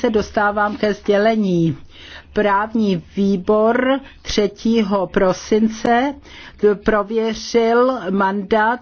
se dostávám ke sdělení. Právní výbor 3. prosince prověřil mandát